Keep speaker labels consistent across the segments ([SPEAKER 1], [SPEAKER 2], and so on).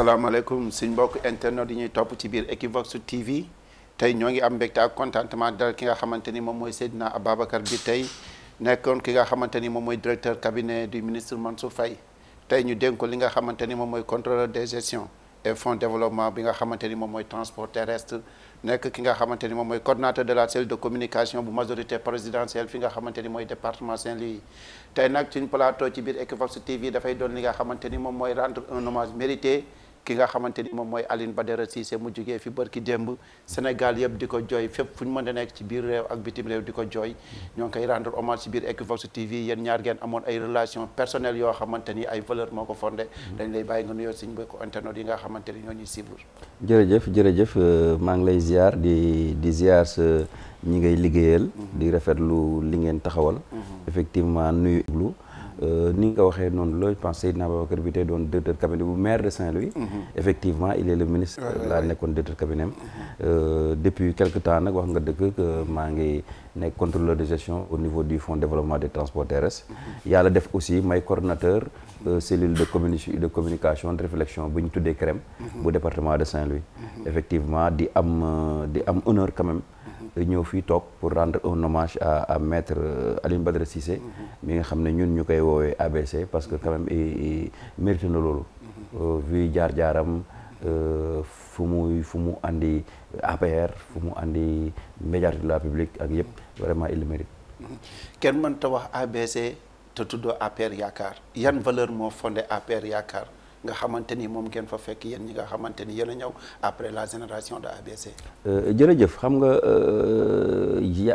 [SPEAKER 1] asalaamaaleykum suñ mbokk internet yi ñuy topp ci biir Equivox TV tey ñoo ngi am mbégte ak contentement dal ki nga xamante ni moom mooy Seydina Ababacar bi tey nekkoon ki nga xamante ni moom mooy directeur cabinet du ministre Mansour Faye tey ñu dénk ko li nga xamante ni moom mooy contrôleur de gestion et fonds développement bi nga xamante ni moom mooy transport terrestre nekk ki nga xamante ni moom mooy coordonnateur de la cellule de communication bu majorité présidentielle fi nga xamante ni mooy département Saint-Louis tey nag suñ plateau ci biir Equivox TV dafay doon li nga xamante ni moom mooy rendre un hommage mérité ki nga xamante ni moom mooy Aline Badara Cissé mu jugee fi barki démb Sénégal yëpp di ko jooy fépp fu ñu mën a nekk ci biir réew ak bitim réew di ko jooy ñoo ngi koy rendre hommage ci biir Equivox TV yéen ñaar ngeen amoon ay relation personnelle yoo xamante ni ay valeur moo ko fondé dañ lay bàyyi nga nuyoo suñu mbokku internet yi nga xamante ni ñoo ñuy suivre
[SPEAKER 2] jërëjëf jërëjëf euh, maa ngi lay ziar di di ziar sa ñi ngay liggéeyal mm-hmm. di rafetlu li ngeen taxawal mm-hmm. effectivement nuyu Euh, ni nga ko waxee noonu la je pense Seydina Babacar bi tey doon directeur cabinet bu maire de Saint-Louis. Mhm. effectivement il est le ministre. laa nekkoon directeur cabinet mhm. euh, depuis quelque temps nag wax nga dëkk maa ngi nekk contrôleur de gestion au niveau du fonds de développement des transports terrestres. Mhm. yàlla def aussi may coordonnateur euh, cellule de communi de communication de réflexion bu ñu tuddee CREM. bu département de Saint-Louis. effectivement di am di am honneur quand ñëw fii toog pour rendre un hommage à à maître euh, Alioune Badara Cissé. Mm-hmm. mi nga xam ne ñun ñu koy woowee ABC parce que quand i mérite na loolu. Mm-hmm. Euh, vu jaar jaaram. Euh, fu muy fu mu andi APR fu mu andi médiateur de la République ak yëpp mm-hmm. vraiment il le mérite.
[SPEAKER 1] kenn mënta wax ABC te tuddoo APR yaakaar yan valeur moo fonde APR yaakaar. nga xamante ni moom kenn fa fekk yéen ñi nga xamante ni yéen a ñëw après la génération de ABC.
[SPEAKER 2] Euh, jërëjëf xam nga euh,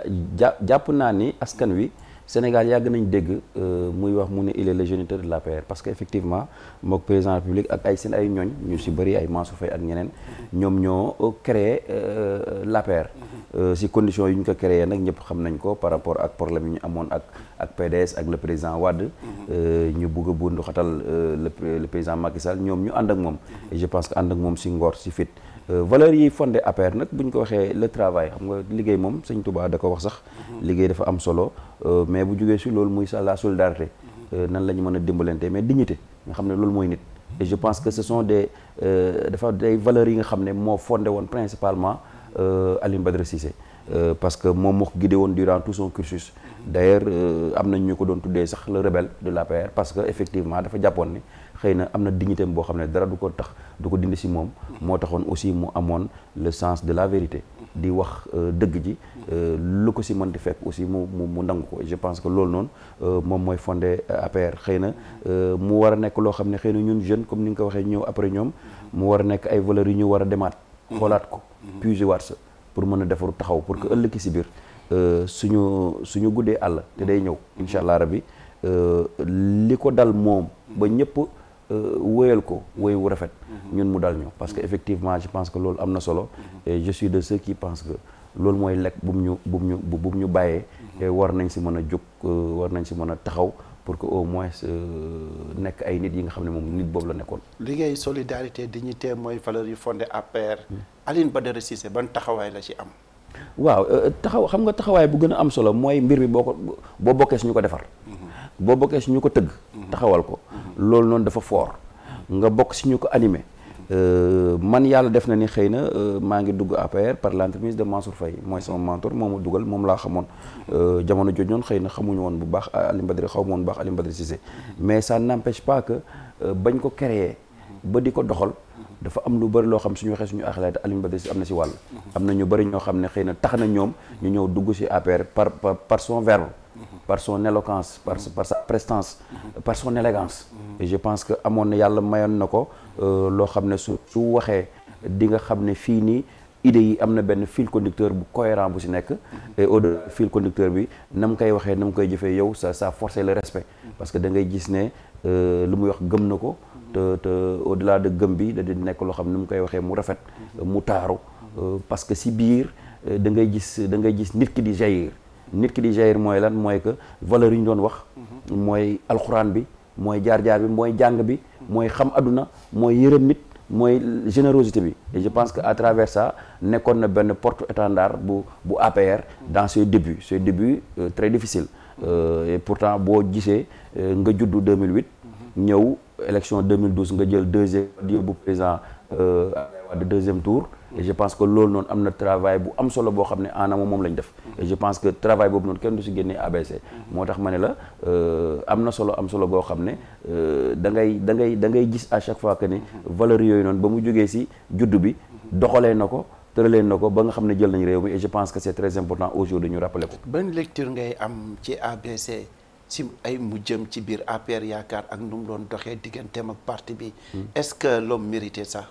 [SPEAKER 2] jàpp naa ni askan wi. Sénégal yàgg nañ dégg euh, muy wax mu ne il est le géniteur de l'APR parce que effectivement mook président de ak ay seen ay ñooñ ñu si bëri ay Mansour Faye ak ñeneen ñoom ñoo créé euh, l'APR euh, si conditions yi ñu ko créé nag ñëpp xam nañ ko par rapport ak problème yi ñu amoon ak ak PDS ak le président Wade ñu bugg a bundu xatal le président Macky Sall ñoom ñu ànd ak moom je pense que ànd ak moom si ngor si fit Euh, valeurs yi fonde APR nag bu ñu ko waxee le travail xam nga liggéey moom sëñ Touba da ko wax sax. Mhm. liggéey dafa am solo euh, mais bu jugee si loolu muy la solidarité. Mhm. Euh, nan la ñu mën a dimbalante mais dignité nga xam ne loolu mooy nit. et je pense que ce sont des dafa des valeurs yi nga xam ne moo fonde woon principalement Alioune Badara Cissé. parce que moom moo ko woon durant tout son cursus. Mhm. d' ailleurs am nañ ñu ko doon tuddee sax le rebelle de l'APR parce que effectivement dafa jàppoon ni. xëy na am na dignité boo xam ne dara du ko tax du ko dindi si moom moo taxoon aussi mu amoon le sens de la vérité di wax euh, dëgg ji euh, lu ko si man di fekk aussi mu mu mu nangu ko je pense que loolu noonu euh, moom mooy fondé APR xëy na mu war a nekk loo xam ne xëy na ñun jeune comme ni nga ko waxee ñëw après ñoom mu war a nekk ay valeurs yu ñu war a demaat xoolaat ko puiser waat sa pour mën a defaru taxaw pour que ëllëg si biir suñu suñu guddee àll te day ñëw incha allah rabbi li ko dal moom ba ñëpp Euh, wóyal ko wóy wu rafet. Mhm. ñun mu dal ñu parce que mhm. effectivement je pense que loolu am na solo. Mhm. et je suis de ceux qui pensent que loolu mooy lekk bu mu ñu bu mu ñu bu ñu bàyyee. war nañ si mën a jóg euh, war nañ si mën a taxaw pour que au moins euh, nekk ay nit yi nga xam ne moom nit boobu la nekkoon. liggéey
[SPEAKER 1] solidarité dignité mooy valeur yu fonde APR. Hmm. Aline ba Badara Cissé ban taxawaay la si am.
[SPEAKER 2] waaw taxaw xam nga taxawaay bu gën a am solo mooy mbir bi boo ko boo bokkee su ñu ko defar. Hmm. boo bokkee su ñu ko tëgg. taxawal ko loolu noonu dafa foor nga bokk si ñu ko animé euh, man yàlla def na ni xëy na euh, maa ngi dugg APR par l'entremise de Mansour Faye mooy sama mentor moo ma dugal moom laa xamoon euh, jamono jooju noonu xëy na xamuñu woon bu baax Alioune Badara xaw ma woon bu baax Alioune Badara Cissé mais ça n'empêche pas que bañ ko créer ba di ko doxal dafa am lu bëri loo xam suñu waxee suñu axalaay te Alioune Badara am na si wàll am na ñu bëri ñoo xam ne xëy na tax na ñoom ñu ñëw dugg si APR par par son verbe par son éloquence par par sa prestance par son élégance je pense que amoon na yàlla mayoon na ko euh, loo xam ne su su waxee di nga xam ne fii nii idée yi am na benn fil conducteur bu cohérent bu si nekk et au fil conducteur bi na mu koy waxee na mu koy jëfee yow sa ça forcé le respect parce que da ngay gis ne euh, lu muy wax gëm na ko te te au delà de gëm bi da di nekk loo xam ne ni mu koy waxee mu rafet mu taaru euh, parce que si biir da ngay gis da ngay gis nit ki di jaillir nit ki di jaayir mooy lan mooy que valeur yi ñu doon wax mhm. mooy alxuraan bi mooy jaar-jaar bi mooy jàng bi mooy xam adduna mooy yërëm nit mooy générosité bi je pense que à travers ça nekkoon na benn porte-étendard bu bu APR dans ses début ses débuts euh, très difficiles euh, pourtant boo gisee euh, nga juddu 2008 mhm. ñëw élection 2012 nga jël deuxième bu président euh, Wade deuxième tour et je pense que loolu noonu am na travail bu am solo boo xam ne en amont moom la ñu def et je pense que travail boobu noonu kenn du si génnee ABC moo tax ma ne la euh, am na solo am solo boo xam ne euh, da ngay da ngay da ngay gis à chaque fois que ne valeurs yooyu noonu ba mu jógee si juddu bi doxalee na ko tëraleen na ko ba nga xam ne jël nañ réew mi et je pense que c'est très important aujourd'hui ñu rappeler ko
[SPEAKER 1] ban lecture ngay am si ay mu ci biir APR yaakaar ak nu doon doxee digganteem ak parti bi hmm. est-ce que l'homme méritait ça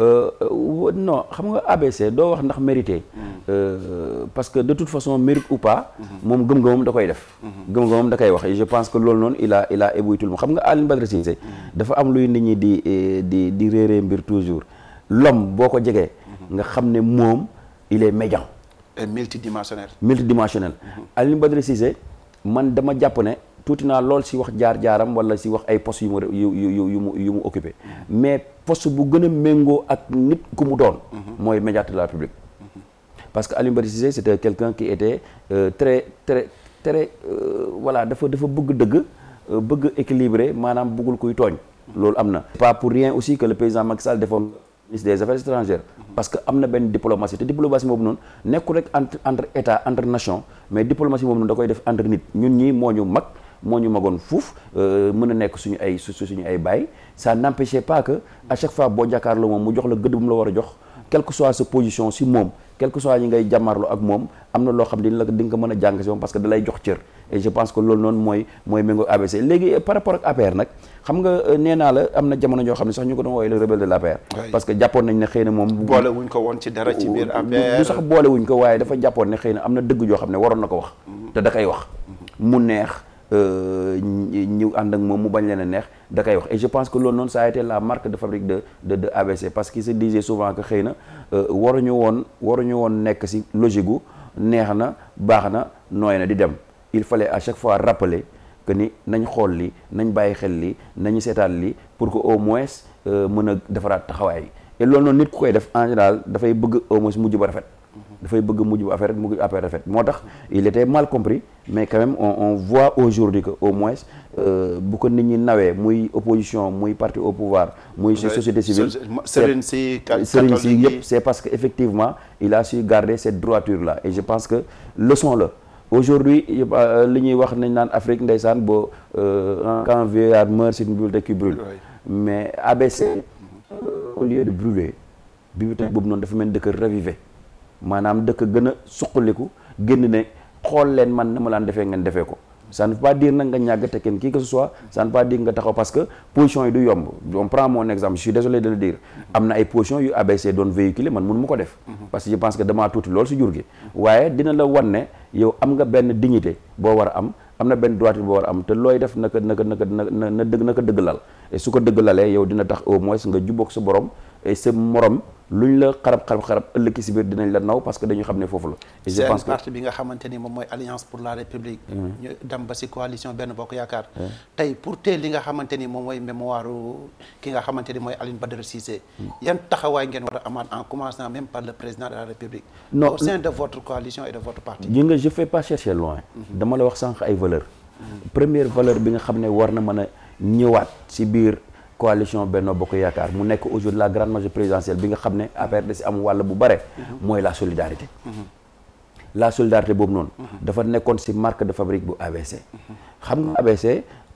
[SPEAKER 2] Euh, euh, non xam nga ABC doo wax ndax mérité. Mm. Euh, parce que de toute façon mérite ou pas. Mm-hmm. moom gëm-gëmam da koy def. Mm-hmm. gëm-gëmam da koy wax je pense que loolu noonu il a il a éboué tout xam nga Alioune Badara Cissé mm-hmm. dafa am luy nit ñi di eh, di di réeree mbir toujours l'homme boo ko jegee. nga xam ne moom il est médian.
[SPEAKER 1] et multidimensionnel.
[SPEAKER 2] multidimensionnel Alioune Badara Cissé man dama jàpp ne. tuuti naa lool si wax jaar-jaaram wala si wax ay poste yu mu yu yu yu mu yu mu occupé mais post bu gën a méngoo ak nit ku mu doon. mooy médiate de la République. parce que Alioune Badji Cissé c'était quelqu'un qui était euh, très très très euh, dafa dafa bëgg dëgg euh, bëgg équilibré maanaam bëggul kuy tooñ. loolu am na. pas pour rien aussi que le président Macky Sall defoon ministre des affaires étrangères. parce que am na benn diplomatie te diplomatie boobu noonu nekkul rek entre entre état entre nation mais diplomatie boobu noonu da koy def entre ñun ñii moo ñu mag. moo ñu magoon fuuf euh, mën a nekk suñu ay suñu ay baay ça n'empêchait pas que à chaque fois boo jàkkaarloo moom mu jox la gëdd bu mu la war a jox quelle que soit sa position si moom quel que soit ñi ngay jàmmarloo ak moom am na loo xam dina la mën a jàng parce que da jox cër et je pense que loolu noonu mooy mooy méngoo ABC euh, xam nga euh, nee naa la am na jamono joo xam ne sax ñu ko doon woowee le rebelle de l'APR parce que jàppoon nañ ne xëy na moom boole
[SPEAKER 1] ko woon ci dara ci biir APR du sax boole
[SPEAKER 2] ko waaye dafa jàppoon ne xëy na am na dëgg joo xam ne waroon na ko wax mm-hmm. te da wax mu neex ñu ànd ak moom mu bañ leen a neex da koy wax et je pense que loolu noonu ça a la marque de fabrique de de de ABC parce qu'il se disait souvent que xëy na euh, waruñu woon waru waruñu woon nekk si logique gu neex na baax na nooy na di dem il fale à chaque fois rappeler que ni nañ xool li nañ bàyyi xel li nañu seetaan li pour que au moins euh, mën a defaraat taxawaay et loolu noonu nit ku koy def en général dafay bëgg au moins mujj ba rafet. dafay bëgg mujj bu affaire mu affaire rafet moo tax il était mal compris mais quand même on on voit aujourd'hui que au moins euh, bu ko nit ñi nawee muy opposition muy parti au pouvoir muy société civile sëriñ si sëriñ si yëpp c'est parce que effectivement il a su garder cette droiture là et je pense que leçon la aujourd'hui euh, li ñuy wax nañ naan Afrique ndeysaan boo quand euh, un vieillard meurt c'est une bibliothèque qui brûle mais ABC au lieu de brûler bibliothèque boobu noonu dafa mel ni dëkk raviver maanaam dëkk gën a suqaliku génn ne xool leen man na ma laan defee ngeen defee ko ça ne veut pas dire nag nga ñàgg te kenn kii que ce soit ça pas dire nga taxaw parce que position du yomb on prend mon exemple je suis désolé de le dire am na ay position yu ABC doon véhiculer man mënu ma ko def parce que je que damaa tuuti loolu si jur gi waaye dina la wan ne yow am nga benn dignité boo war a am am na benn droit boo war a am te looy def naka naka naka na na dëgg naka dëgg lal su ko dëgg yow dina tax au moins nga jubboog sa borom et sa morom luñ la xarab xarab xarab ëllëg si biir dinañ la naw parce que dañu xam ne foofu la. et je pense que parti
[SPEAKER 1] bi nga xamante ni moom mooy alliance pour la mm. yaakaar. tey pour tey nga xamante ni moom mooy mémoire ki nga xamante ni mooy Alioune Badara Cissé. Mm. yan taxawaay ngeen war a amaat en commençant même par le président de la république. non au sein de votre coalition de votre parti.
[SPEAKER 2] ñu je fais pas chercher loin. Mm-hmm. dama la wax sànq ay valeurs. Mm-hmm. première valeur bi nga xam ne war na mën a ñëwaat si biir. coalition Benno Bokk Yaakaar mu nekk aujourd'hui la grande majorité présidentielle bi nga xam ne affaire da si am wàll bu bare mooy la solidarité la solidarité boobu noonu dafa nekkoon si marque de fabrique bu ABC xam nga ABC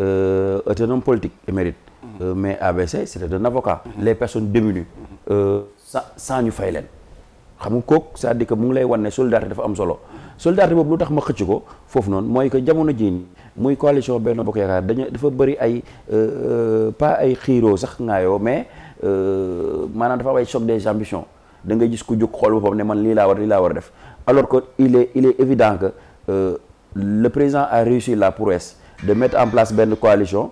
[SPEAKER 2] euh, autonome politique émérite euh, mais ABC c'était un avocat les personnes démunies euh, sans sans ñu fay leen xam nga sa cest mu ngi lay wan ne solidarité dafa am solo solidarité boobu lu tax ma xëcc ko foofu noonu mooy que jamono jii muy coalition benn Bokk Yaakaar dañu dafa bëri ay euh, euh, pas ay xiiroo sax ngaayoo mais euh, maanaam dafa am ay choc des ambitions da ngay gis ku jóg xool boppam ne man lii laa war lii laa war def alors que il est il est évident que le président a réussi la prouesse de mettre en place benn coalition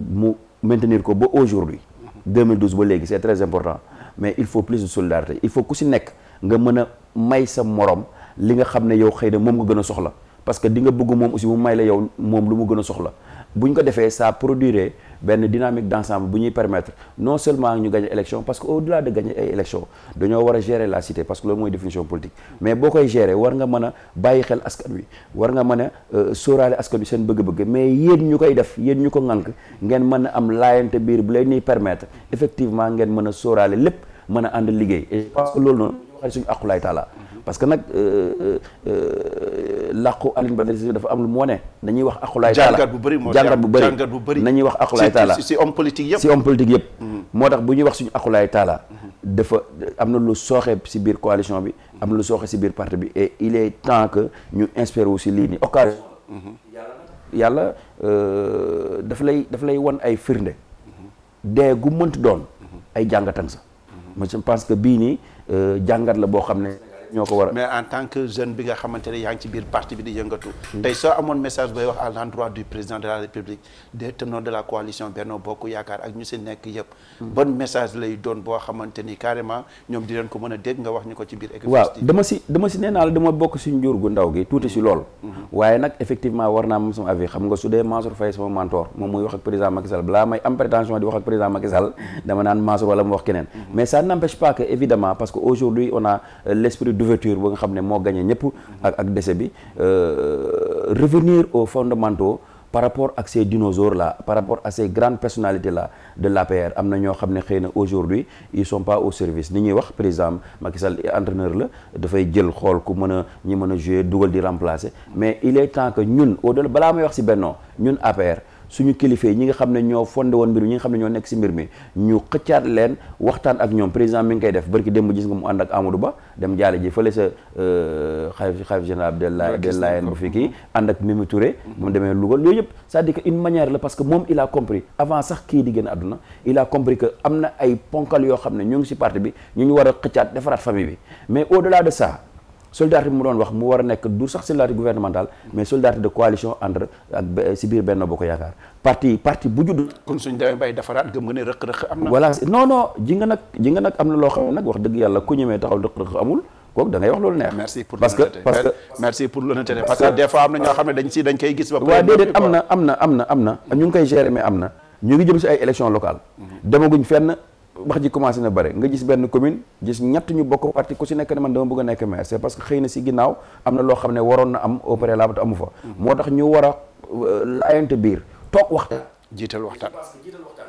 [SPEAKER 2] mu maintenir ko ba aujourd'hui 2012 ba léegi c'est très important mais il faut plus de solidarité il faut ku si nekk nga mën a may sa morom li nga xam ne yow xëy na moom nga gën a soxla parce que di nga bëgg moom aussi mu may la yow moom lu mu gën a soxla bu ñu ko defee ça produire benn dynamique d'ensemble bu ñuy permettre non seulement ñu gagner élection parce que au-delà de gagner ay élection dañoo war a gérer la cité parce que loolu mooy définition politique mais boo koy gérer war nga mën a bàyyi xel askan wi war nga mën a euh, sóoraale askan wi seen bëgg-bëgg mais yéen ñu koy def yéen ñu ko ŋànk ngeen mën a am laayante biir bu leen ñuy permettre effectivement ngeen mën a sóoraale lépp mën ànd liggéey et loolu noonu parce que nag euh, euh, euh, làqu Alioune Badara Cissé dafa am lu moo ne nañuy wax aqulaay taala jàngat bu bari moo jàngat bu bëri jàngat bu bëri nañuy wax aqulaay taala si homme politique yëpp si homme mm-hmm. moo tax bu ñuy wax suñu aqulaay taala mm-hmm. dafa am na lu sooxe si biir coalition bi am na lu sooxe si biir parti bi et il est temps que ñu inspiré wu si lii ni occasion mm-hmm. yàlla daf lay daf lay wan ay firnde dee gu mënt doon ay jàngatan sa je pense que bii nii jàngat la boo xam ne ñoo ko war a
[SPEAKER 1] mais en tant que jeune bi nga xamante yaa ngi ci biir parti bi di yëngatu tey soo amoon message booy wax à l'endroit du président de la république des tenants de la coalition Benno Bokk Yaakaar ak ñu si nekk yëpp hmm. bon message lay doon boo xamante ni ñoom di leen ko mën a dégg nga wax ñu ko ci biir waaw dama
[SPEAKER 2] si dama dama bokk si njur gu ndaw gi tuuti si lool hmm. waaye nag effectivement war naa sama avis xam nga su dee Mansour d'ouverture ba nga xam ne moo gagné ñëpp ak ak décès bi euh, revenir aux fondamentaux par rapport ak ces dinosaures la par rapport à ces grandes personnalités là de l'APR am na ñoo xam ne xëy na aujourd'hui ils son pas au service ni ñuy wax par exemple Macky Sall entraîneur la dafay jël xool ku mën a ñi mën a jouer dugal di remplacer mais il est temps que ñun au delà balaa may wax si Benno ñun APR suñu kilifa yi ñi nga xam ne ñoo fondé woon mbir mi ñi nga xam ne ñoo nekk si mbir mi ñu xëccaat leen waxtaan ak ñoom président mi ngi koy def barki démb gis nga mu ànd ak Amadou Ba dem jaale ji fële sa euh, xalif xalif général de la de Layène bu fi kii ànd ak Mimi Touré bu mu demee Louga yooyu yëpp c'est-à-dire que une manière la parce que moom il a compris avant sax kii di génn àdduna il a compris que am na ay ponkal yoo xam ne ñu ngi si parti bi ñu ñu war a xëccaat defaraat famille bi mais au delà de ça soldat bi mu doon wax mu war a nekk du sax soldat gouvernemental mais soldat de coalition ànd ak si biir Benno Bokk Yaakaar parti parti
[SPEAKER 1] bu judd. kon suñ demee bay defaraat gëm nga ne rëq-rëq am na. am
[SPEAKER 2] na am na am na ñu ngi koy gérer mais am na ñu ngi jëm si ay élections locales. Mhm. demaguñ fenn. wax ji commencé na bare nga gis benn commune gis ñett ñu bokk parti ku si nekk ne man dama bëgg a nekk maire parce que xëy na si ginnaaw am na loo xam ne waroon na am au préalable amu fa. moo tax ñu war a euh, laayante biir
[SPEAKER 1] toog waxtaan. jiital waxtaan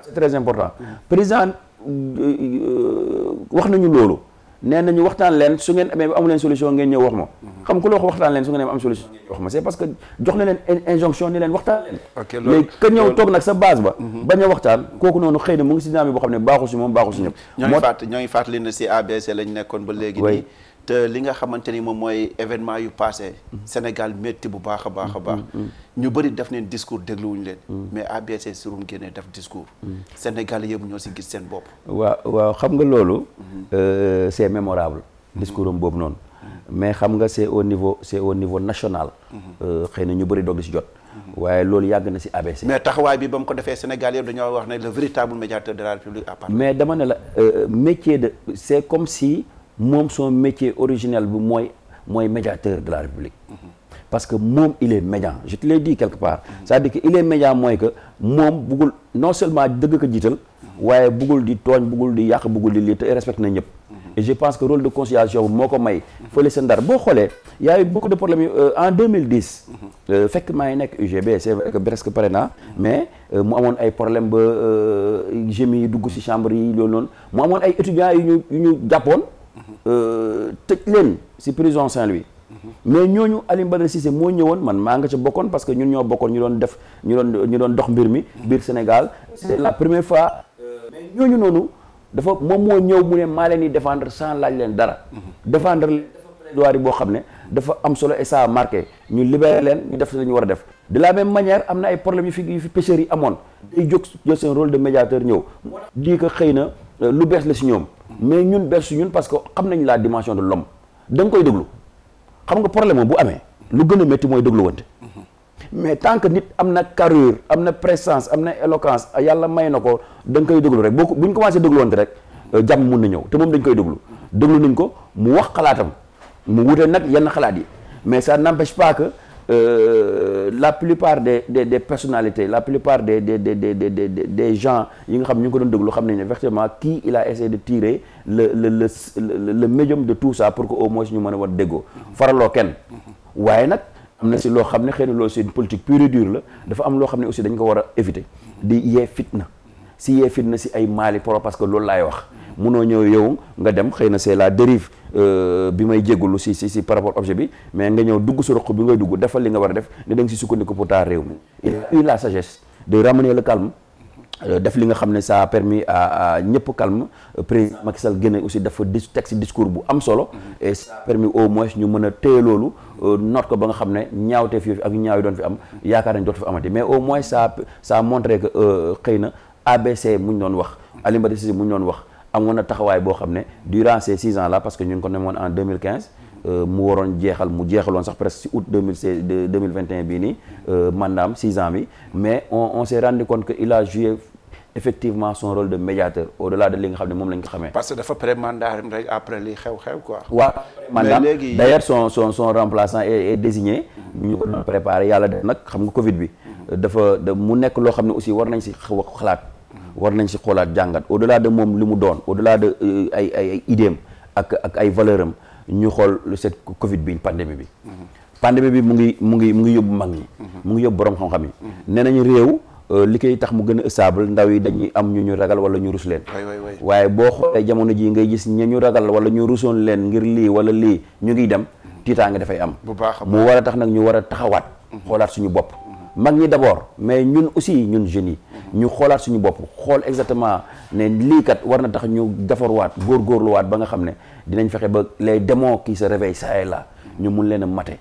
[SPEAKER 1] c'est très important.
[SPEAKER 2] président euh, euh, wax nañu loolu. nee nañu waxtaan leen su ngeen amee amu leen solution ngeen ñëw wax ma xam ku la wax waxtaan leen su ngeen am solution ngeen wax ma c'est parce que jox na leen injonction ni leen waxtaan
[SPEAKER 1] leen ka ñëw toog nag sa base ba mhm. bañ
[SPEAKER 2] a waxtaan kooku noonu xëy na mu ngi si dynamique boo xam ne baaxul moom baaxul ñëpp
[SPEAKER 1] ñoo ngi fàtt ñoo ngi fàttali ne si ABC lañ nekkoon ba léegi nii te li nga xamante ni moom mooy événement yu passé mhm. Sénégal métti bu baax a baax a mhm, baax mhm, ñu bëri def neen discours dégluwuñu leen mais ABC surum génnee def discours Sénégal yëpp ñoo si gis seen bopp
[SPEAKER 2] waaw waaw xam nga loolu euh, c'est mémorable discours am boobu noonu mais xam nga c'est au niveau c'est au niveau national euh, xëy na ñu bëri doog si jot waaye loolu yàgg na si
[SPEAKER 1] ABC mais taxawaay bi ba mu ko defee Sénégal yëpp dañoo wax ne le véritable médiateur de la République à part
[SPEAKER 2] mais dama ne euh, comme si moom son métier originel bi mooy mooy médiateur de la République parce que moom il est médian je te di dit quelque part cest à que il est médian mooy que moom buggul non seulement dëgg ko jiital waaye buggul di tooñ buggul di yàq buggul di lii te na ñëpp et je pense que rôle de conciliation moo ko may fële sa ndar boo xoolee y a eu beaucoup de problèmes euh, en 2010 euh, fekk maa ngi nekk UGB c'est vrai que presque pare naa mais euh, mu amoon ay problème ba gémi yi dugg ci chambre yi loolu noonu mu amoon ay étudiants yu ñu ñu jàppoon Euh, tëj leen si prison Saint-Louis. mais ñooñu Alioune Badara Cissé moo ñëwoon man maa nga ca bokkoon parce que ñun ñoo bokkoon ñu doon def ñu doon ñu doon dox mbir mi. biir Sénégal c'est la première fois. Euh, mais ñooñu noonu dafa moom moo ñëw mu ne maa leen di défendre sans laaj leen dara. défendre doir yi boo xam ne dafa am solo et a marqué ñu libéré leen ñu def la ñu war a def de la même manière am na ay problèmes yu fi yu fi pêcheurs yi amoon day jóg jël de médiateur ñëw di ko xëy na euh, lu bees la si ñoom mais ñun bees su ñun parce que xam nañ la dimension de l'homme da nga koy déglu xam nga problème bu amee lu gën a métti mooy dégluwante mais tant que nit am na carrure am na présence am na éloquence yàlla may na ko da koy déglu rek boo bu ñu commencé dégluwante rek euh, jàmm mun na ñëw te moom dañ koy déglu déglu nañ ko mu wax xalaatam mu wute nag yenn xalaat yi mais ça n'empêche pas que euh, la plupart de de de personalité la plupart des de des des des des yi nga xam ñu ngi ko doon déglu xam nañu ne effectivement kii il a essayé de tirer le le le le, le médium de tout ça pour que au moins ñu mën a war déggoo faraloo kenn waaye nag am na si loo xam ne xëy na loolu c'est une politique pure et la dafa am loo xam ne aussi dañ ko war a éviter di yee na si yee na si ay maali pro parce que loolu laay wax munoo ñëw yow nga dem xëy na c'est la dérive euh, bi may jégalu si si si par rapport objet bi mais nga ñëw dugg su roq bi ngay dugg defal li nga war a def ne dem si sukkandiku pour taal réew mi la sagesse de ramener le calme euh, def li nga xam ne saa a permis à ñëpp calme président Macky Sall génne aussi dafa di teg si discours bu am solo et ça permis au moins ñu mën a téye loolu euh, noot ko ba nga xam ne ñaawtee fi ak ñaaw yi doon fi am yaakaar nañ dootu fi amati mais au moins sa ça a montré que xëy na ABC mu ñu doon wax Alioune Badji ñu doon wax amoon na taxawaay boo xam ne durant ces six ans là parce que ñu ngi ko nemoon en euh, mu waroon jeexal mu jeexaloon sax presque si août 2016 2021 bii nii euh, mandaam six ans bi mais on on s'est rendu compte que il a joué effectivement son rôle de médiateur au-delà de li nga xam ne moom lañ ko xamee.
[SPEAKER 1] parce que dafa pré-mandat
[SPEAKER 2] rek son son son remplaçant est, désigné. ñu ko doon préparé yàlla def nag xam nga Covid bi. Mmh. dafa mu nekk loo xam ne aussi war nañ si xalaat. war nañ si xoolaat jàngat au delà de moom li mu doon au delà de euh, ay ay ak ak ay valeur am ñu xool lu set Covid bi pandémie bi. pandémie bi mu ngi mu ngi mu ngi yóbbu mag ñi. Mhm. mu ngi yóbbu borom xam-xam yi. nee nañu réew. Euh, li koy tax mu gën a stable ndaw yi dañuy am ñu ñu ragal wala ñu rus leen waaye boo xoolee jamono ji ngay gis ña ñu ragal wala ñu rusoon leen ngir lii wala lii ñu ngi dem mhm. tiitaange dafay am mu war a tax nag ñu war a taxawaat mhm. xoolaat suñu bopp mag ñi d'abord mais ñun aussi ñun jeunes yi ñu xoolaat suñu bopp xool exactement ne lii kat war na tax ñu defarwaat góorgóorluwaat ba nga xam ne dinañ fexe ba les demoo kii se réveillent ça et là ñu mun leen a mate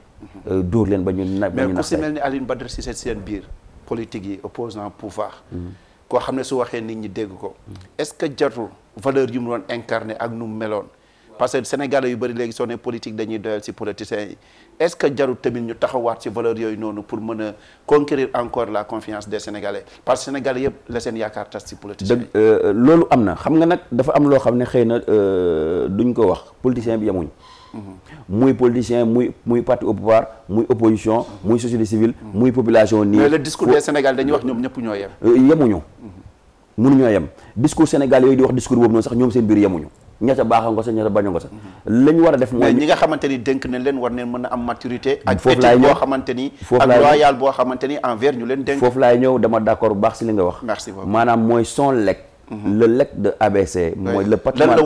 [SPEAKER 2] euh, dóor leen ba ñu na ba ñu mais ku si mel
[SPEAKER 1] ni Alioune Badara Cissé seen biir politique yi opposant pouvoir mm-hmm. koo xam ne su waxee nit ñi dégg ko mm-hmm. est-ce que jatul valeur yu mu doon incarné ak nu mu meloon parce que sénégalais yu bëri léegi soo ne politique dañuy doyal si politiciens est-ce que jarul tamit ñu taxawaat ci valeur yooyu noonu pour mën a conquérir encore la confiance des sénégalais parce que sénégalais yëpp la seen yaakaar tas ci politicien
[SPEAKER 2] euh, loolu am na xam nga nag dafa am loo xam ne xëy na euh, duñ ko wax politicien bi yamuñ mm-hmm. muy politicien muy muy parti au pouvoir muy opposition mm-hmm. muy société civile mm-hmm. muy population nii mais le discours des sénégalais
[SPEAKER 1] dañu wax ñoom ñëpp ñoo yem
[SPEAKER 2] euh, yemuñu mënuñoo yem discours sénégalais yooyu di wax discours boobu noonu sax ñoom
[SPEAKER 1] seen biir yemuñu ña ca baax a ngo sa ña ca a ngo lañ war a def mooy ñi nga xamante ni dénk nañ leen war neen mën a am maturité ak foofu laay ñëw boo xamante ni foofu laay boo xamante ni envers ñu leen dénk foofu laay ñëw
[SPEAKER 2] dama d'accord bu baax si li nga wax merci beaucoup maanaam mooy son lekk Mhm. le legs de ABC. mooy la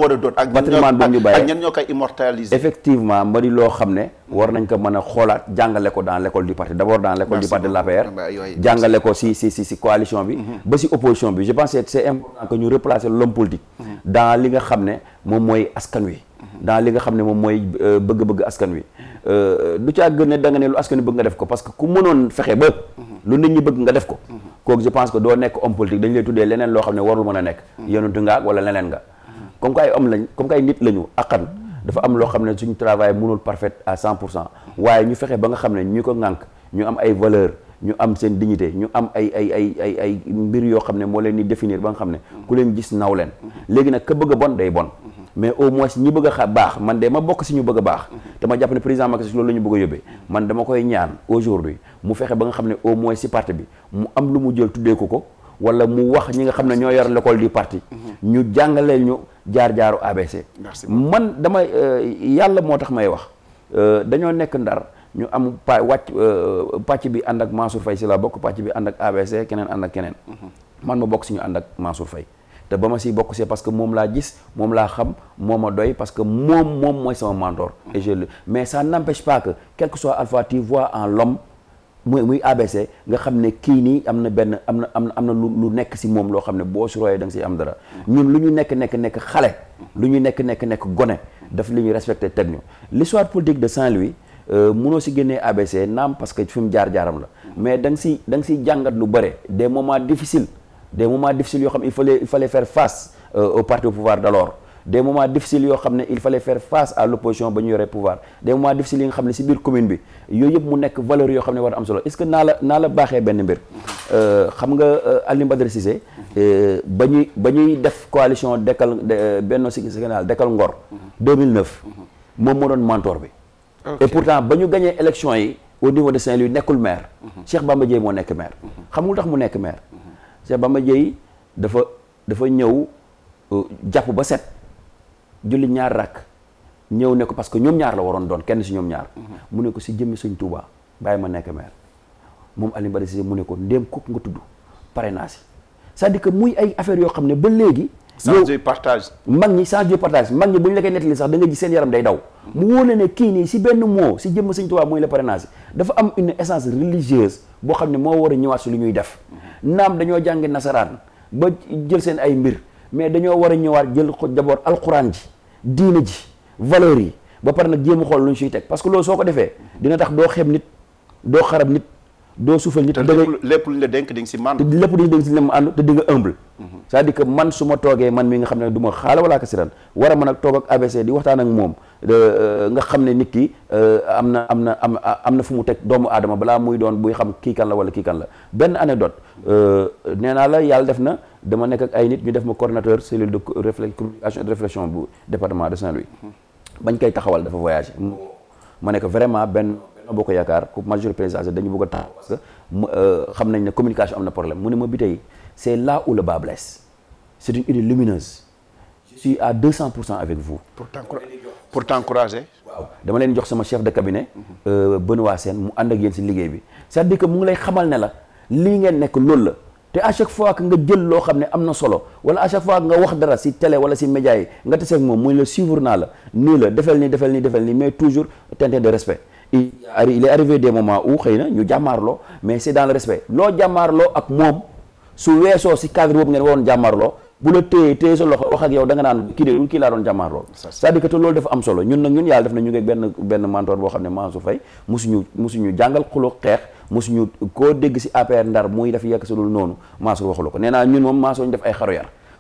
[SPEAKER 2] war a doon ak patrimoine effectivement ma di loo xam ne war nañ ko mën a xoolaat jàngale ko dans l' école du parti d' abord dans du parti de l' APR. Ah jàngale ko si si si si coalition bi. Mhm. ba si opposition bi je pense que important que ñu replacer l'homme politique. Mhm. dans li nga xam ne moom mooy askan wi. dans li nga xam ne moom mooy euh, bëgg-bëgg askan wi. lu euh, caa gën ne da nga ne lu askan bëgg nga def ko parce que ku mënoon fexe ba lu nit ñi bëgg nga def ko kooku je pense que doo nekk homme politique dañ lay tuddee leneen loo xam ne warul mën a nekk yonentu nga wala leneen nga comme que ay am lañ comme que ay nit lañu aqan dafa am loo xam ne suñu travail mënul parfait à cent pour cent waaye ñu fexe ba nga xam ne ñi ko ŋànk ñu am ay valeur ñu am seen dignité ñu am ay ay ay ay ay mbir yoo xam ne moo leen di définir ba nga xam ne ku leen gis naw leen léegi nag ka bëgg bon day bon mais au moins ñi bëgg a baax man de ma bokk si ñu bëgg a baax mm-hmm. dama jàpp ne président Macky Sall loolu la ñu bëgg a yóbbee man dama koy ñaan aujourd'hui mu fexe ba nga xam ne au moins si parti bi mu am lu mu jël tuddee ko ko wala mu wax ñi nga xam ne ñoo yor l'école di parti mm-hmm. ñu jàngaleel ñu jaar-jaaru ABC man dama euh, yàlla moo tax may wax euh, dañoo nekk ndar ñu am pa wàcc euh, pàcc bi ànd ak Mansour fay si la bokk pàcc bi ànd ak ABC keneen ànd ak keneen mm-hmm. man ma bokk si ñu ànd ak Mansour Faye te ba ma si bokk c'est parce que moom laa gis moom laa xam moo ma doy parce que moom moom mooy sama mentor et je le mais ça n'empêche pas que quel que soit alpha tu vois en l'homme muy muy ABC nga xam ne kii nii am na benn am na am na am na lu lu nekk si moom loo xam ne boo surooyee da nga siy am dara ñun lu ñu nekk nekk nekk xale lu ñu nekk nekk nekk gone daf lu ñuy respecté teg ñu l'histoire politique de Saint-Louis euh, mënoo si génnee ABC naam parce que fi mu jaar jaaram la mais danga nga si da nga siy jàngat lu bare des moments difficiles des moments difficiles yoo xam ne il fallait il fallait face euh, au parti au pouvoir d'alors des moments difficiles yoo xam ne il fallait faire face à l'opposition ba ñu yore pouvoir des moments difficiles yi nga xam ne ci biir commune bi yooyu yëpp mu nekk valeur yoo xam ne war a am solo est-ce que naa la naa la baaxee benn mbir euh, xam nga euh, Alioune Badara Cissé ba ñuy ba ñuy def coalition dekkal Benno Siggil Sénégal dekkal Ngor 2009 moom moo doon mentor bi et pourtant ba ñu gañee élection yi au niveau de Saint-Louis nekkul maire mhm. Cheikh Bamba moo nekk maire mhm. xam nga tax mu nekk maire ba ma Dièye dafa dafa ñëw euh, jàpp ba set julli ñaar rakk ñëw ne ko parce ñoom ñaar la waroon doon kenn si ñoom ñaar mhm. mu ne ko si jëmmi Sëñ Tuubaa bàyyi ma nekk maire moom Alioune Badara Cissé mu ne ko ndéem kook nga tudd pare naa si cest à muy ay affaire yoo xam ne ba léegi
[SPEAKER 1] sans partage
[SPEAKER 2] mag ñi sans Dieu partage mag ñi bu ñu la nettali sax da nga gis seen yaram day daw mu wóor ne kii nii si benn mot si jëmm Sëñ Tuubaa mooy le parrainage dafa am une essence religieuse boo xam ne moo war a ñëwaat si lu ñuy def naam dañoo jàngi nasaraan ba jël seen ay mbir mais dañoo war a ñëwaat jël ko d'abord alxuraan ji diine ji valeur yi ba pare nag jéem a xool lu ñu siy teg parce que loolu soo ko defee dina tax doo xeeb nit doo xarab nit doo suufal nit. te
[SPEAKER 1] lépp luñ denk dénk di nga si
[SPEAKER 2] mànd. te lépp luñ dénk si ne te di humble. Mhm. cest à man su ma toogee man mi nga xam ne du ma xaala wala kasiran war a mën a toog ak ABC di waxtaan ak moom euh, nga xam ne nit ki euh, am na am na am am na fu mu teg doomu aadama balaa muy doon buy xam kii kan la wala kii kan la benn anecdote euh, nee naa la yàlla def na dama nekk ak ay nit ñu def ma coordinateur cellule de communication de réflexion bu département de saint mhm. bañ koy taxawal dafa voyagé. Benno Bokk Yaakaar ku a taxaw parce que euh, xam nañ ne communication na problème mu ne ma bi tey c' est là où le bât blesse c' est pour cent avec vous.
[SPEAKER 1] pour t'encourager pour t'encourager waaw
[SPEAKER 2] dama leen jox sama chef de cabinet. Mhm. Euh, Benoît Sène mu ànd ak yéen si bi c' est mu ngi lay xamal ne la lii ngeen nekk loolu la. te à chaque fois que nga jël loo xam ne am na solo wala à chaque fois nga wax dara si télé wala si média yi nga teseeg moom muy la suivre naa la nii la defel nii defel nii defel nii mais toujours tenter de respect il est arrivé des moments où xëy na ñu jàmmaarloo mais c'est dans le respect loo jàmmaarloo ak moom su weesoo si cadre boobu ngeen waroon jàmmaarloo bu la téye téye sa loxo wax ak yow da nga naan kii de kii laa doon jàmmaarloo sa à dire loolu dafa am solo ñun nag ñun yàlla def na ñu ngi benn benn mentor boo xam ne Mansour Faye musuñu musuñu jàngal xulo xeex musuñu koo dégg si APR Ndar muy daf yekk sa loolu noonu Mansour waxulu ko nee naa ñun moom Mansour ñu def ay xaru yar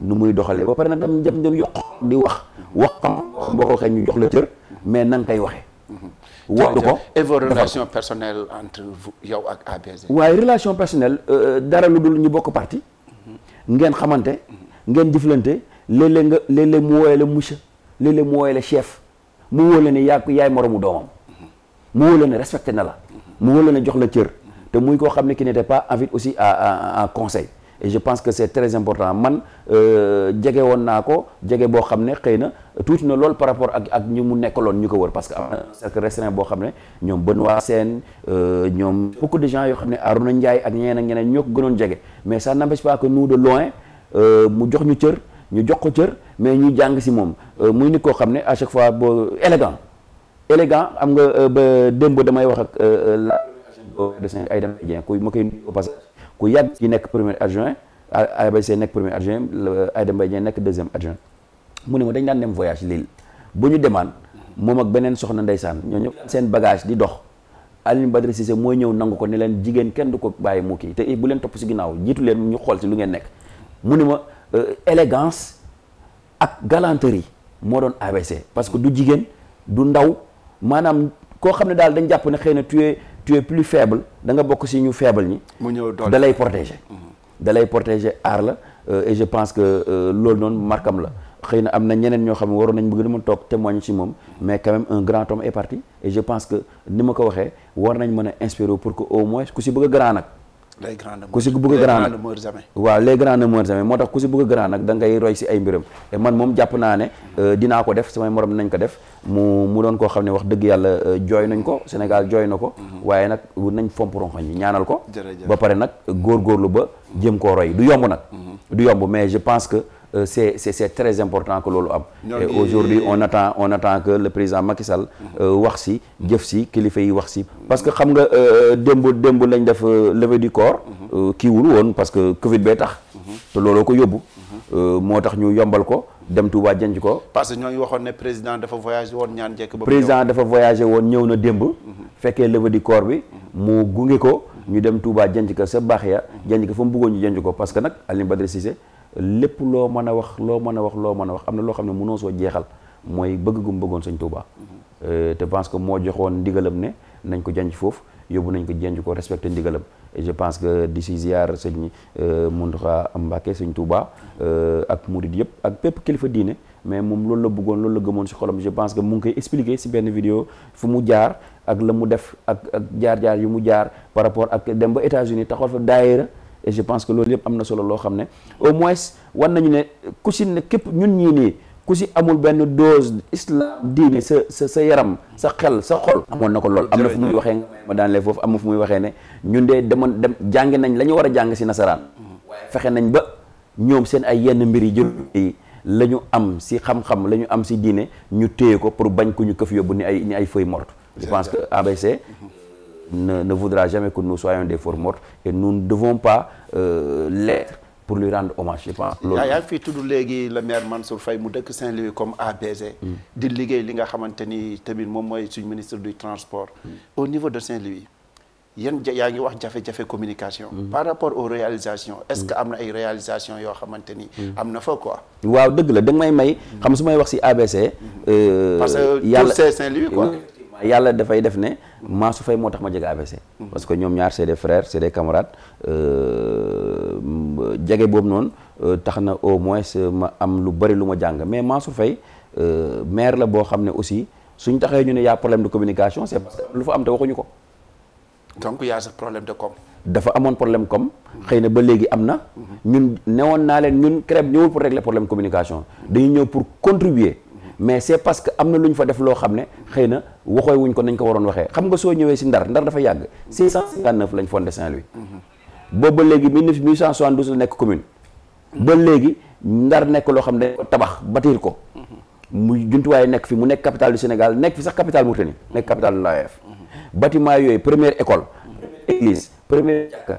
[SPEAKER 2] nu muy doxalee ba pare na dam jam doon yokk di wax wax xam boo ko waxee ñu jox la cër mais na nga koy waxee mm-hmm. wootu ko et vos relations
[SPEAKER 1] personnelles yow ak ABG waaye
[SPEAKER 2] relation personnelle euh, dara lu dul ñu bokk parti mm-hmm. ngeen xamante mm-hmm. ngeen jëflante léeg-léeg nga léeg mu wooyee la monsieur léeg mu wooyee la chef mu wóor la ne yaa yaay moroomu doomam mu wóor la ne respecté na la mu wóor la jox la cër te muy koo xam ne qui n'était pas invité aussi à à conseil et je pense que c'est très important man jege woon naa ko jege boo xam ne xëy na tuuti na lool par rapport ak ak ñu mu nekkaloon ñu ko wër parce que am na cercle restreint boo xam ne ñoom Benoît Sène ñoom beaucoup de gens yoo xam ne Arouna njaay ak ñeneen ak ñeneen ñoo ko gënoon jege mais ça n'empêche pas que nous de loin mu jox ñu cër ñu jox ko cër mais ñu jàng si moom muy nit koo xam ne à chaque fois boo élégant élégant am nga ba démb damay wax ak la de Saint Aïda Dieng kuy ma koy nuyu au passage ku yàgg ci nekk premier adjoint ABC nekk premier adjoint Aïda Mbaye Dieng nekk deuxième adjoint mu ne ma dañ daan dem voyage Lille bu ñu demaan moom ak beneen soxna ndeysaan ñoo ñëpp seen bagage di dox Alioune Badara Cissé mooy ñëw nangu ko ne leen jigéen kenn du ko bàyyi mu kii te bu leen topp si ginnaaw jiitu leen ñu xool si lu ngeen nekk mu ne ma euh, élégance ak galanterie moo doon ABC parce que du jigéen du ndaw maanaam koo xam ne daal dañ jàpp ne xëy na tu plus faible danga bokk si ñu faible ñi.
[SPEAKER 1] mu ñëw doole da lay protéger. Mhm.
[SPEAKER 2] da lay aar la euh, et je pense que euh, loolu noonu markam la xëy na am na ñeneen ñoo xam ne waroon nañ bëgg na mën toog témoigne si moom. mais quand même un grand homme est parti. et je pense que ni ma ko waxee war nañ mën a inspirer pour que au moins ku si bëgg a grand nag.
[SPEAKER 1] day grand ku si grand nag
[SPEAKER 2] waaw les grands ne meurent jamais moo tax ku si bëgg grand nag da ngay roy si ay mbiram et man moom jàpp naa ne euh, dinaa ko def samay morom nañ ko def mu mu doon koo xam ne wax dëgg yàlla euh, jooy nañ ko Sénégal jooy na ko mhm. waaye nag nañ fomp ronxoñ yi ñaanal ko ba pare nag góorgóorlu ba jëm koo roy du yomb nag mhm. du yomb mais je pense que euh, c'est c'est très important que loolu am et aujourd'hui on attend on attend que le président Macky Sall euh, wax si jëf si kilifa yi wax si parce que xam nga euh, démb démb lañ def euh, levée du corps mm-hmm. kiiwul woon parce que Covid bee tax mm-hmm. te looloo ko yóbbu mm-hmm. moo tax ñu yombal ko dem Touba jënd ko.
[SPEAKER 1] parce que ñoo ngi waxoon ne président dafa voyagé woon ñaan njëkk ba. président
[SPEAKER 2] dafa voyagé woon ñëw na démb. fekkee levée du bi. mu gunge ko. ñu dem Touba jënd ko sa baax ya. jënd ko fa mu bëggoon ñu jënd ko parce que nag Alioune Badara Cissé lépp loo mën a wax loo mën a wax loo mën a wax am na loo xam ne munoo soo jeexal mooy bëgg gum bëggoon sëñ Touba euh, te pense que moo joxoon ndigalam ne nañ ko janj foofu yóbbu nañ ko janj ko respecté ndigalam et je pense que di si ziar sëñ euh, Mountakha Mbacké sëñ Touba euh, ak murid yëpp ak bépp kilifa diine mais moom loolu la bëggoon loolu la gëmoon si xolam je pense que mu ngi koy expliquer si benn vidéo fu mu jaar ak la mu def ak jaar-jaar yu mu jaar par rapport ak dem ba États-Unis taxawal fa daayira et je pense que loolu yépp am na solo loo xam ne au moins war nañu ne ku si ne képp ñun ñii nii ku si amul benn dose islam diine sa sa yaram sa xel sa xol amoon na ko lool am na fu muy waxee ma daan foofu am na fu muy waxee ne ñun dee demoon dem jàng nañ la ñu war a jàng si nasaraan waaye fexe nañ ba ñoom seen ay yenn mbir yi jël yi la ñu am si xam-xam la am si diine ñu téye ko pour bañ ku ñu këf yóbbu ni ay ni ay feuille morte je pense que ABC ne, ne voudra jamais que nous soyons des forces mortes et nous devons pas euh, pour lu rendre hommage je pense loolu
[SPEAKER 1] yaa ngi fii tudd léegi le maire Mansour Faye mu dëkk Saint-Louis comme ABG hmm. di liggéey li nga xamante ni tamit moom mooy suñu ministre du transport hmm. au niveau de Saint-Louis yan yaa ngi wax jafe-jafe communication hmm. par rapport au réalisation est-ce que am na ay réalisation yoo xamante ni am na fa quoi
[SPEAKER 2] waaw dëgg la da may may xam su may wax si ABC euh, parce que yàlla Saint-Louis yàlla dafay def ne maa su fay moo tax ma jege AVC parce que ñoom ñaar c'est des frères c'est des camarades euh, jege boobu noonu euh, tax na au moins ma am lu bari lu ma jàng mais maa su fay euh, maire la boo xam ne aussi suñ taxee ñu ne y'a problème de communication c'est lu fa am te waxuñu ko
[SPEAKER 1] donc y'a sax problème de com
[SPEAKER 2] dafa amoon problème comme xëy na ba léegi am na mhm. ñun newoon naa leen ñun CREB ñëwul pour régler problème communication dañu ñëw pour contribuer mais c'est parce que am na lu ñu fa def loo xam ne xëy na waxooy wuñ ko nañ ko waroon waxee xam nga soo ñëwee si ndar ndar dafa yàgg 659 lañ fondé Saint-Louis booba léegi 1872 la nekk commune ba léegi ndar nekk loo xam ne tabax bâtir ko mu jumtuwaay nekk fi mu nekk capitale du Sénégal nekk fi sax capitale Mauritanie nekk capitale de l'AOF bâtiment yooyu première école église première jàkka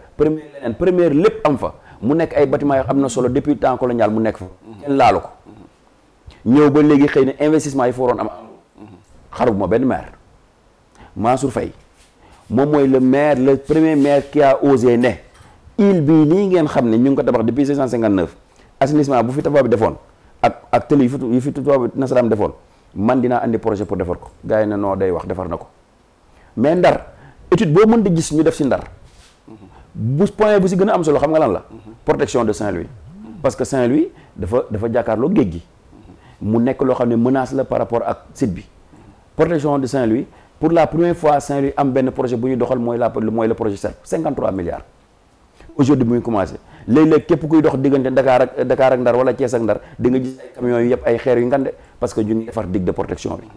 [SPEAKER 2] première lépp am fa mu nekk ay bâtiment yoo am na solo depuis temps colonial mu nekk fa kenn laalu ko ñëw ba léegi xëy na investissement yi fa waroon am xarab ma benn maire Mansour Faye moom mooy le maire la premier maire qui a osé ne il bii nii ngeen xam ne ñu ngi ko tabax depuis 1959 assainissement bu fi tubaab bi defoon ak ak tëli yu fi yu fi bi nasaraam defoon man dinaa indi projet pour defar ko gars na noo day wax defar na ko mais ndar étude boo mën di gis ñu def si ndar bu point bu si gën a am solo xam nga lan la mhm. protection de Saint-Louis parce que Saint-Louis dafa dafa jàkkaarloo géej gi mu nekk loo xam ne menace la par rapport ak site bi protection de Saint-Louis pour la première fois Saint-Louis am benn projet bu ñu doxal mooy la mooy le projet CERF 53 milliards aujourd'hui bu ñu commencé léeg-léeg képp kuy dox diggante ndakaar ak Ndar wala Thiès ak Ndar di nga gis ay camions yu yëpp ay xeer yu ngande parce que ñu ngi defar digue de protection bi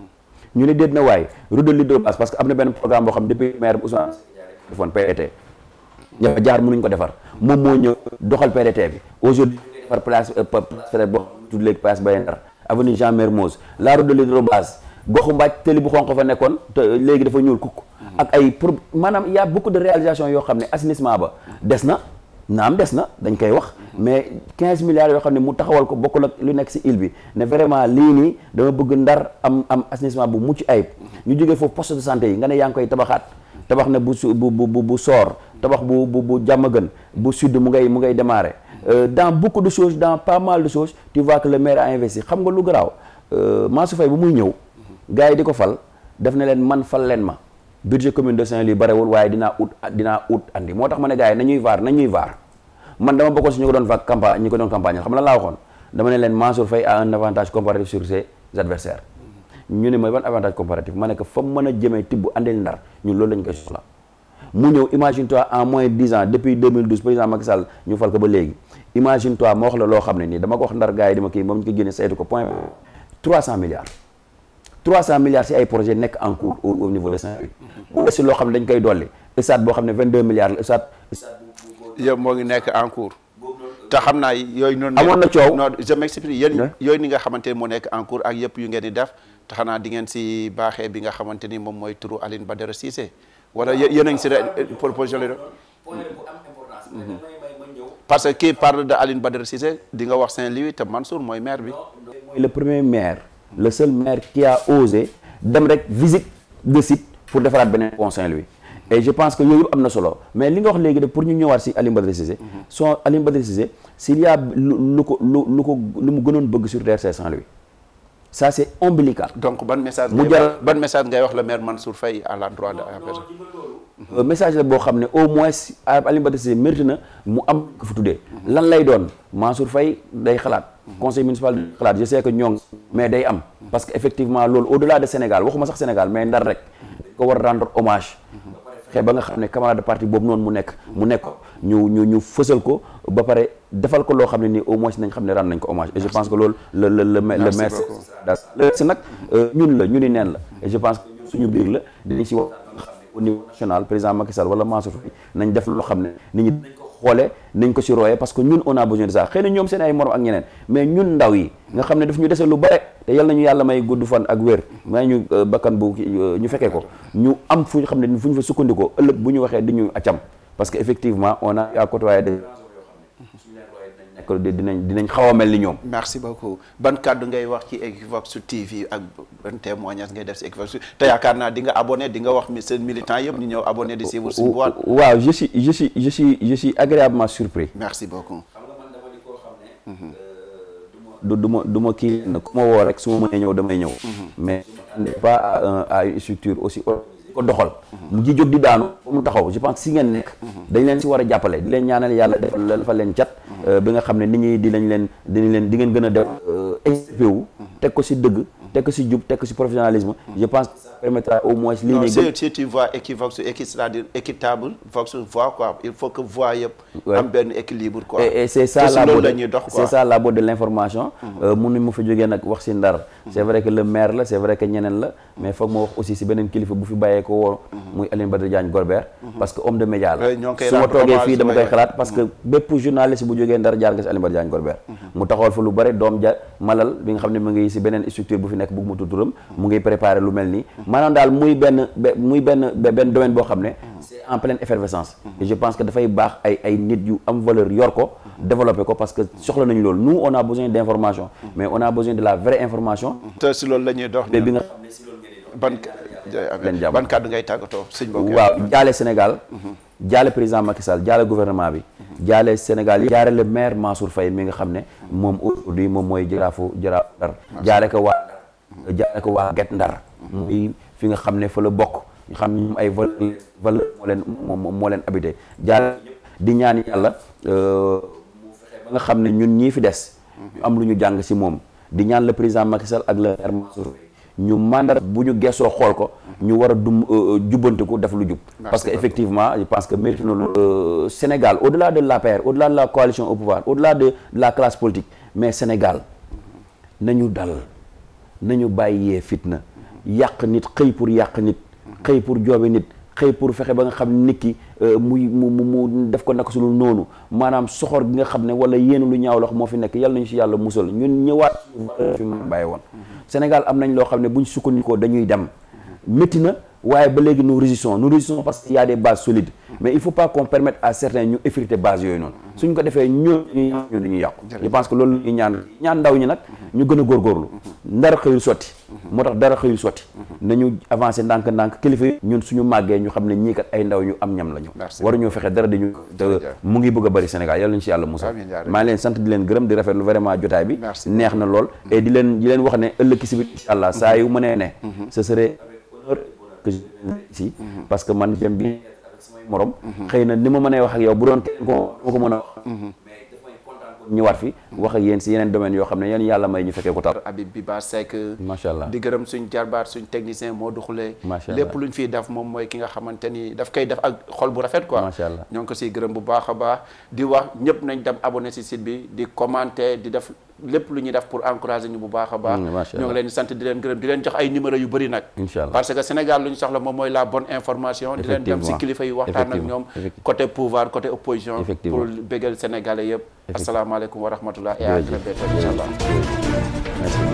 [SPEAKER 2] ñu ne déet na waaye route de l'hydrobase parce que am na benn programme boo xam depuis maire Ousmane defoon PDT ko defar moom moo ñëw doxal PDT bi aujourd'hui defar place euh, place boo xam avenue Jean Mermoz la route de l'hydrobase goxu mbaaj tëli bu xonq fa nekkoon te léegi dafa ñuul kukk ak ay pour maanaam yaa a beaucoup de réalisation yoo xam ne assainissement ba des na naam des na dañ koy wax mais quinze milliards yoo xam ne mu taxawal ko bokkul ak lu nekk ci île bi ne vraiment lii nii dama bëgg ndar am am assainissement bu mucc ay ñu jógee foofu poste de santé yi nga ne yaa ngi koy tabaxaat tabax na bu su bu bu bu soor tabax bu bu bu jàmm gën bu sud mu ngay mu Euh, dans beaucoup de choses dans pas mal de choses tu vois le maire a investi xam nga lu garaaw euh, Mansour Faye bu muy ñëw gars di ko fal daf ne leen man fal leen ma budget commune de Saint-Louis barewul waaye dinaa ut dinaa ut andi moo tax ma ne gars nañuy vaar nañuy vaar man dama bokkoon si ñu ko doon fa campagne ñu ko doon campagne xam lan laa waxoon dama ne leen Mansour Faye a un avantage comparatif sur ses adversaires ñu ne mooy ban avantage comparatif ma ne que fa mën a jëmee tibb andil loolu ko ba léegi imagine toi ma loo xam ne nii dama ko wax ndar gars yi dama kii moom ñu ko génne saytu ko point 300 milliards 300 milliards si ay projet nekk en cours au niveau de Saint-Louis xam ne dañ koy dolli stade boo xam ne 22 milliards la stade
[SPEAKER 1] yëpp moo ngi nekk en cours xam naa yooyu noonu amoon na coow non je m'explique yooyu ni nga xamante ni moo nekk en cours ak yëpp yu ngeen di def te xanaa di ngeen si baaxee bi nga xamante ni moom mooy turu Aline Badara Cissé wala yéen a ngi si proposition la parce que kii parle de Alioune Badara Cissé di wax Saint-Louis te Mansour mooy maire bi. mooy
[SPEAKER 2] le premier maire. le seul maire ki a osé dem rek visite de site pour defaraat beneen pont Saint-Louis. et je pense que yooyu yëpp am na solo mais li nga wax léegi de pour ñu ñëwaat si Alioune Badara Cissé. son Alioune Badara Cissé s'il a lu ko lu lu ko lu mu gënoon bëgg sur DRC Saint-Louis. ça c'est ombilical.
[SPEAKER 1] donc ban message. mu jar ban message ngay wax le maire Mansour Faye à l'endroit de la personne.
[SPEAKER 2] Euh, message la boo xam ne au moins Alioune Badara Cissé mérite na mu am ko fu tuddee. lan lay doon Mansour Faye day xalaat. conseil municipal day xalaat je sais que ñoom mais day am. parce que effectivement loolu au delà de Sénégal waxuma sax Sénégal mais ndar rek. ko war rendre hommage. xëy ba nga xam ne camarade de parti boobu noonu mu nekk. mu nekk ñu ñu ñu fësal ko ba pare defal ko loo xam ne nii au moins nañ xam ne rendre nañ ko hommage. et je pense que loolu la la la maire. merci euh, nag euh, ñun la ñu ni la. et je suñu biir la si wax. au niveau national président Macky nañ def loo xam ne nit ñi nañ ko xoole nañ ko si royee parce que ñun on a besoin de ça ñoom seen ay morom ak ñeneen mais ñun ndaw yi nga xam ne daf ñu dese lu bare te yal nañu yàlla may gudd fan ak wér may ñu euh, bakkan bu euh, ñu fekkee ko ñu am fu ñu xam ne fu ñu fa sukkandikoo ëllëg bu ñu waxee di ñu acam parce que effectivement on a à côtoyer nekk dinañ dinañ xaw a mel ni ñoom.
[SPEAKER 1] merci beaucoup ban kàddu ngay wax ci Equivox TV ak ban témoignage ngay def si Equivox te yaakaar naa di nga abonné di nga wax mi seen militant yëpp ñu ñëw abonné di suivre suñu boîte.
[SPEAKER 2] waaw je suis je suis je
[SPEAKER 1] merci beaucoup. xam mhm.
[SPEAKER 2] euh, du ma du ma kii lenn ku ma woo rek su ma mënee ñëw damay ñëw. Mhm. mais pas a une structure aussi. ko doxal mhm. mu ji jóg di daanu mu taxaw je pense si ngeen nekk dañ leen si war a jàppale di leen yàlla defal fa leen cat bi nga xam ne nit ñi dinañ leen dinañ leen di ngeen gën a def euh, expliqué wu mm. teg ko si dëgg tekk si jub tekk si professionnalisme. je pense que ça permettra au moins. lii
[SPEAKER 1] si tu vois Equivox c'est-à-dire équitable Vox c'est ça la
[SPEAKER 2] de l'information. mënuñ mm. euh, ma fa jógee nag wax si ndar. c'est vrai que le maire la c'est vrai que ñeneen la. mais foog ma wax aussi si beneen kilifa bu fi bàyyeekoo woon. Mm-hmm. muy Alioune Badara Diagne Golbert. Mm-hmm. parce que homme de média la. su ma toogee fii dama koy xalaat parce que mm-hmm. bépp journaliste bu jógee ndar jaar nga si Alioune Badara Diagne mu taxawal fi nekk bëgguma tudd turam mu ngi préparer lu mel nii maanaam daal muy benn muy benn domaine boo xam ne c'est en pleine effervescence je pense que dafay baax ay ay nit yu am valeur yor ko développer ko parce que soxla nañu loolu nous on a besoin d'information mais on a besoin de la vraie information
[SPEAKER 1] te si loolu la ñuy dox bi nga xam ne si loolu ngeen di
[SPEAKER 2] dox leen jàmm ban
[SPEAKER 1] kàddu ngay tàggatoo sëñ boobu waaw jaale
[SPEAKER 2] Sénégal jaale bi jaale Sénégal yi jaare le maire Mansour Faye mi nga xam ne moom aujourd'hui moom mooy jaraafu jaraaf Ndar jaale ko jaare ko waa get Ndar muy fi nga xam ne fa la bokk ñu xam ne ay valeur valeur moo leen moom moo leen habité jaare di ñaan yàlla euh, mu fexe nga xam ne ñun ñii fi des ñu am lu ñu jàng si moom di ñaan la président Macky Sall ak le ñu mandar bu ñu geesoo xool ko ñu war a dum euh, euh, jubbantiku def lu jub parce que effectivement je pense que mérite na Sénégal au-delà de l'APR au-delà de la coalition au pouvoir au-delà de la classe politique mais Sénégal nañu dal nañu bàyyi yee fitna yàq nit xëy pour yàq nit xëy pour joobe nit xëy pour fexe ba nga xam nit ki euh, muy mu mu def ko naka sulu noonu maanaam soxoor gi nga xam ne wala yéen lu ñaaw lox moo fi nekk yàlla nañu si yàlla musal ñun ñëwaat fi mu bàyyi woon Sénégal am nañ loo xam ne buñ sukkandikoo dañuy dem métti na waaye ba léegi nous résistons nous résistons parce qu'il y a des bases solides mais il faut pas qu'on permette à certains ñu effriter bases yooyu noonu suñ ko defee que loolu ñu ñaan ñaan ndaw ñi nag ñu gën a góorgóorlu ndara xëyul sotti moo tax dara xëyul sotti ñu avancé ndànk ndànk kilifa yi ñun suñu màggee ñu xam ne ñii kat ay ndaw ñu am ñam la ñu waru ñoo fexe dara dañu mu ngi bëgg a bëri Sénégal yàlla ñu si yàlla musa maa ngi leen sant di leen gërëm di rafetlu vraiment jotaay bi neex na lool et leen leen wax ne ëllëg si bi incha allah saa yu mënee ne mhm. que je mm-hmm. parce que man j'aime bien ak mm-hmm. xëy na ni ma mënee wax ak yow bu doon ko ma ko mën a wax
[SPEAKER 1] mm-hmm. mais dafay
[SPEAKER 2] kontaan fi wax ak yéen si yeneen
[SPEAKER 1] domaines yoo xam ne yéen yàlla may ñu fekkee ko tax Habib Biba Seck macha allah di gërëm suñ jarbaat suñ technicien moo duxulee macha allah lépp luñ fiy def moom mooy ki nga xamante ni daf koy def ak xol bu rafet quoi macha allah ko siy gërëm bu baax a baax di wax ñëpp nañ dem abonné si site bi di commenter di def lépp lu ñuy def pour encourager ñu bu baax a baax mm, ñoo ngi leen di di leen gërëm di leen jox ay numéro yu bëri nag inchallah parce que Sénégal lu ñu soxla moom mooy la bonne information di leen dem si kilifa yi waxtaan ak ñoom côté pouvoir côté opposition pour bégal Sénégalais yëpp asalaamaaleykum wa rahmatullah a à très bientôt inchallah